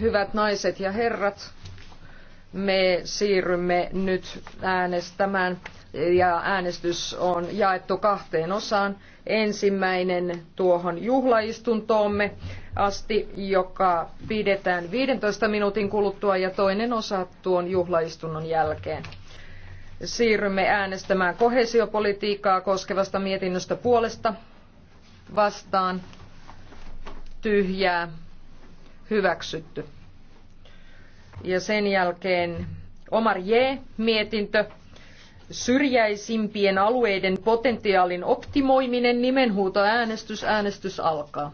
Hyvät naiset ja herrat, me siirrymme nyt äänestämään ja äänestys on jaettu kahteen osaan. Ensimmäinen tuohon juhlaistuntoomme asti, joka pidetään 15 minuutin kuluttua ja toinen osa tuon juhlaistunnon jälkeen. Siirrymme äänestämään koheesiopolitiikkaa koskevasta mietinnöstä puolesta vastaan tyhjää hyväksytty. Ja sen jälkeen Omar J. mietintö syrjäisimpien alueiden potentiaalin optimoiminen, nimenhuuto äänestys, äänestys alkaa.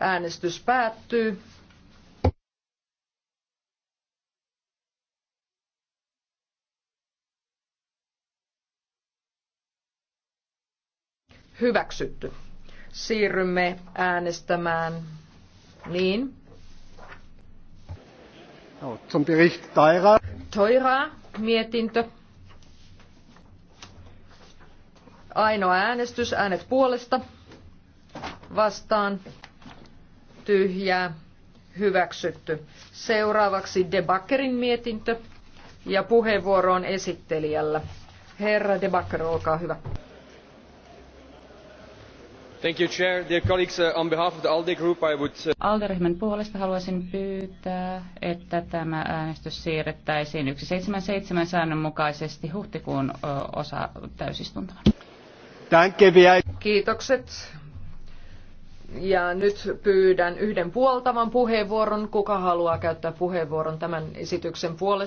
Äänestys päättyy. Hyväksytty siirrymme äänestämään. Niin. No, zum Bericht Teura. Teura, mietintö. Ainoa äänestys, äänet puolesta. Vastaan. Tyhjää. Hyväksytty. Seuraavaksi Debakkerin mietintö ja puheenvuoro on esittelijällä. Herra Debakker, olkaa hyvä. ALDE-ryhmän puolesta haluaisin pyytää, että tämä äänestys siirrettäisiin 177 säännön mukaisesti huhtikuun osa täysistuntoon. Kiitokset. Ja nyt pyydän yhden puoltavan puheenvuoron. Kuka haluaa käyttää puheenvuoron tämän esityksen puolesta?